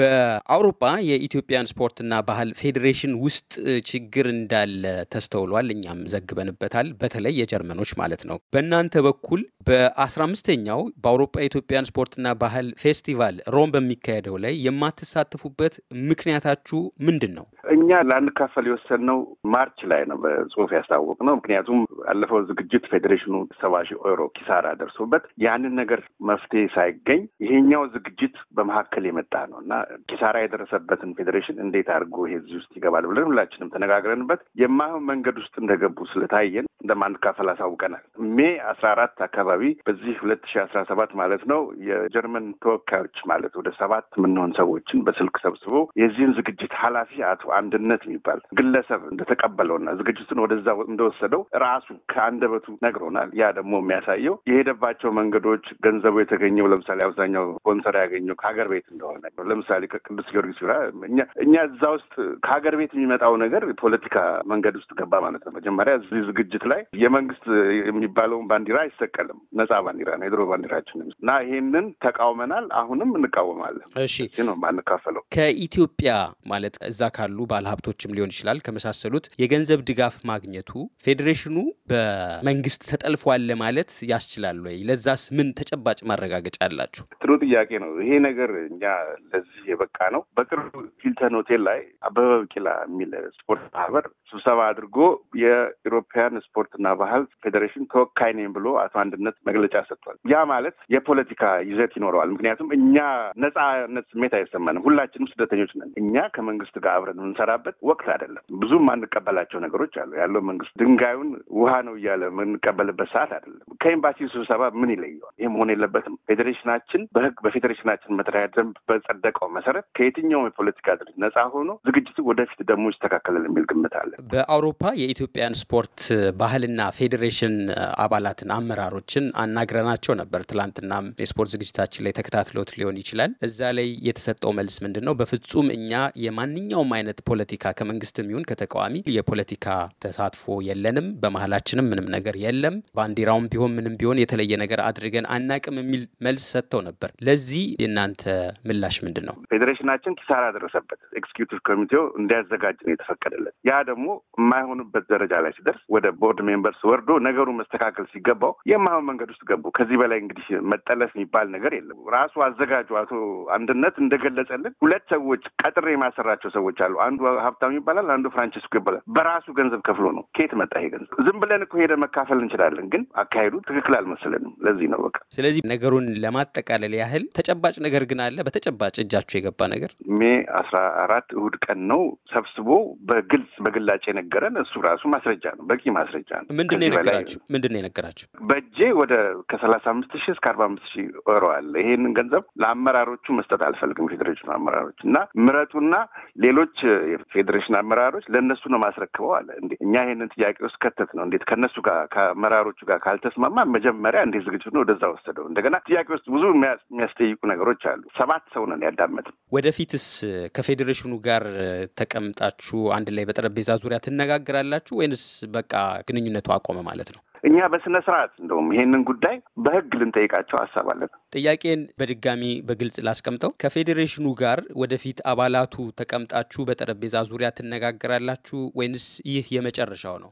በአውሮፓ የኢትዮጵያን ስፖርትና ባህል ፌዴሬሽን ውስጥ ችግር እንዳለ ተስተውሏል። እኛም ዘግበንበታል። በተለይ የጀርመኖች ማለት ነው። በእናንተ በኩል በ15ኛው በአውሮፓ የኢትዮጵያን ስፖርትና ባህል ፌስቲቫል ሮም በሚካሄደው ላይ የማትሳተፉበት ምክንያታችሁ ምንድን ነው? እኛ ላንካፈል የወሰንነው ማርች ላይ ነው፣ በጽሁፍ ያስታወቅ ነው። ምክንያቱም አለፈው ዝግጅት ፌዴሬሽኑ ሰባ ሺህ ኪሳራ ደርሶበት ያንን ነገር መፍትሄ ሳይገኝ ይሄኛው ዝግጅት በመካከል የመጣ ነው እና ኪሳራ የደረሰበትን ፌዴሬሽን እንዴት አድርጎ ይሄ እዚህ ውስጥ ይገባል ብለን ሁላችንም ተነጋግረንበት የማይሆን መንገድ ውስጥ እንደገቡ ስለታየን እንደማንካፈል አሳውቀናል። ሜ አስራ አራት አካባቢ በዚህ ሁለት ሺ አስራ ሰባት ማለት ነው የጀርመን ተወካዮች ማለት ወደ ሰባት የምንሆን ሰዎችን በስልክ ሰብስቦ የዚህን ዝግጅት ኃላፊ አቶ አንድነት የሚባል ግለሰብ እንደተቀበለውና ዝግጅቱን ወደዛ እንደወሰደው ራሱ ከአንደበቱ ነግሮናል። ያ ደግሞ የሚያሳየው የሄደባቸው መንገዶች ገንዘቡ የተገኘው ለምሳሌ አብዛኛው ስፖንሰር ያገኘው ከሀገር ቤት እንደሆነ ለምሳሌ ከቅዱስ ጊዮርጊስ ጋር እኛ እዛ ውስጥ ከሀገር ቤት የሚመጣው ነገር ፖለቲካ መንገድ ውስጥ ገባ ማለት ነው። መጀመሪያ እዚህ ዝግጅት ላይ የመንግስት የሚባለውን ባንዲራ አይሰቀልም። ነጻ ባንዲራ ነው የድሮ ባንዲራችን እና ይሄንን ተቃውመናል። አሁንም እንቃወማለን። እሺ ነው ማንካፈለው ከኢትዮጵያ ማለት እዛ ካሉ ባለሀብቶችም ሊሆን ይችላል ከመሳሰሉት የገንዘብ ድጋፍ ማግኘቱ ፌዴሬሽኑ በመንግስት ተጠልፏል ለማለት ያስችላል ወይ? ለዛስ ምን ተጨባጭ ማረጋገጫ አላችሁ? ጥሩ ጥያቄ ነው። ይሄ ነገር እኛ ለዚህ የበቃ ነው። በቅርብ ሂልተን ሆቴል ላይ አበበ ቢቂላ የሚል ስፖርት ማህበር ስብሰባ አድርጎ የኢሮፓያን ስፖርትና ባህል ፌዴሬሽን ተወካይ ነኝ ብሎ አቶ አንድነት መግለጫ ሰጥቷል። ያ ማለት የፖለቲካ ይዘት ይኖረዋል። ምክንያቱም እኛ ነፃነት ስሜት አይሰማንም። ሁላችንም ስደተኞች ነን። እኛ ከመንግስት ጋር አብረን የምንሰራበት ወቅት አይደለም። ብዙም የማንቀበላቸው ነገሮች አሉ። ያለው መንግስት ድንጋዩን ውሃ ነው እያለ የምንቀበልበት ሰዓት አይደለም። ከኤምባሲ ስብሰባ ምን ይለየዋል? ይህ መሆን የለበትም። ፌዴሬሽናችን በህግ በፌዴሬሽናችን መተዳደሪያ ደንብ በጸደቀው መሰረት ከየትኛውም የፖለቲካ ድርጅት ነጻ ሆኖ ዝግጅቱ ወደፊት ደግሞ ይስተካከላል የሚል ግምት አለ። በአውሮፓ የኢትዮጵያን ስፖርት ባህልና ፌዴሬሽን አባላትን አመራሮችን አናግረናቸው ነበር። ትላንትና የስፖርት ዝግጅታችን ላይ ተከታትሎት ሊሆን ይችላል። እዛ ላይ የተሰጠው መልስ ምንድን ነው? በፍጹም እኛ የማንኛውም አይነት ፖለቲካ ከመንግስትም ይሁን ከተቃዋሚ የፖለቲካ ተሳትፎ የለንም፣ በመሀላችንም ምንም ነገር የለም፣ ባንዲራውም ቢሆን ምንም ቢሆን የተለየ ነገር አድርገን አናቅም የሚል መልስ ሰጥተው ነበር። ለዚህ የእናንተ ምላሽ ምንድን ነው? ፌዴሬሽናችን ኪሳራ ደረሰበት። ኤክስኪዩቲቭ ኮሚቴው እንዲያዘጋጅ ነው የተፈቀደለት። ያ ደግሞ የማይሆንበት ደረጃ ላይ ሲደርስ ወደ ቦርድ ሜምበርስ ወርዶ ነገሩ መስተካከል ሲገባው የማይሆን መንገድ ውስጥ ገቡ። ከዚህ በላይ እንግዲህ መጠለፍ የሚባል ነገር የለም። ራሱ አዘጋጁ አቶ አንድነት እንደገለጸልን ሁለት ሰዎች ቀጥሬ የማሰራቸው ሰዎች አሉ። አንዱ ሀብታም ይባላል፣ አንዱ ፍራንቺስኮ ይባላል። በራሱ ገንዘብ ከፍሎ ነው። ከየት መጣ ይሄ ገንዘብ? ዝም ብለን እኮ ሄደ መካፈል እንችላለን፣ ግን አካሄዱ ትክክል አልመሰለንም። ለዚህ ነው በቃ። ስለዚህ ነገሩን ለማጠቃለል ያህል ተጨባጭ ነገር ግን አለ። በተጨባጭ እጃችሁ ይዟችሁ የገባ ነገር ሜ አስራ አራት እሁድ ቀን ነው ሰብስቦ በግልጽ በግላጭ የነገረን እሱ ራሱ ማስረጃ ነው፣ በቂ ማስረጃ ነው። ምንድን ነው የነገራችሁ? ምንድን ነው የነገራችሁ? በእጄ ወደ ከሰላሳ አምስት ሺህ እስከ አርባ አምስት ሺህ ወረዋል። ይሄንን ገንዘብ ለአመራሮቹ መስጠት አልፈልግም፣ ፌዴሬሽኑ አመራሮች እና ምረጡና ሌሎች የፌዴሬሽን አመራሮች ለእነሱ ነው ማስረክበው አለ። እኛ ይህንን ጥያቄ ውስጥ ከተት ነው እንዴት ከእነሱ ጋር ከአመራሮቹ ጋር ካልተስማማ መጀመሪያ እንዴት ዝግጅት ነው ወደዛ ወሰደው። እንደገና ጥያቄ ውስጥ ብዙ የሚያስጠይቁ ነገሮች አሉ። ሰባት ሰው ነን ያዳመጥ። ወደፊትስ ከፌዴሬሽኑ ጋር ተቀምጣችሁ አንድ ላይ በጠረጴዛ ዙሪያ ትነጋገራላችሁ ወይንስ በቃ ግንኙነቱ አቆመ ማለት ነው? እኛ በስነ ስርዓት እንደውም ይሄንን ጉዳይ በህግ ልንጠይቃቸው ሀሳብ አለን። ጥያቄን በድጋሚ በግልጽ ላስቀምጠው። ከፌዴሬሽኑ ጋር ወደፊት አባላቱ ተቀምጣችሁ በጠረጴዛ ዙሪያ ትነጋገራላችሁ ወይንስ ይህ የመጨረሻው ነው?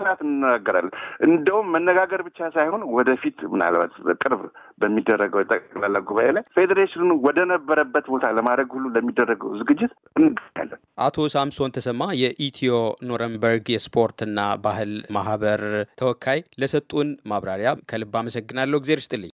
ስርዓት እንነጋገራለን። እንደውም መነጋገር ብቻ ሳይሆን ወደፊት ምናልባት በቅርብ በሚደረገው የጠቅላላ ጉባኤ ላይ ፌዴሬሽኑን ወደ ነበረበት ቦታ ለማድረግ ሁሉ ለሚደረገው ዝግጅት እንገኛለን። አቶ ሳምሶን ተሰማ የኢትዮ ኖረንበርግ የስፖርትና ባህል ማህበር ተወካይ ለሰጡን ማብራሪያ ከልብ አመሰግናለሁ። እግዜር ይስጥልኝ።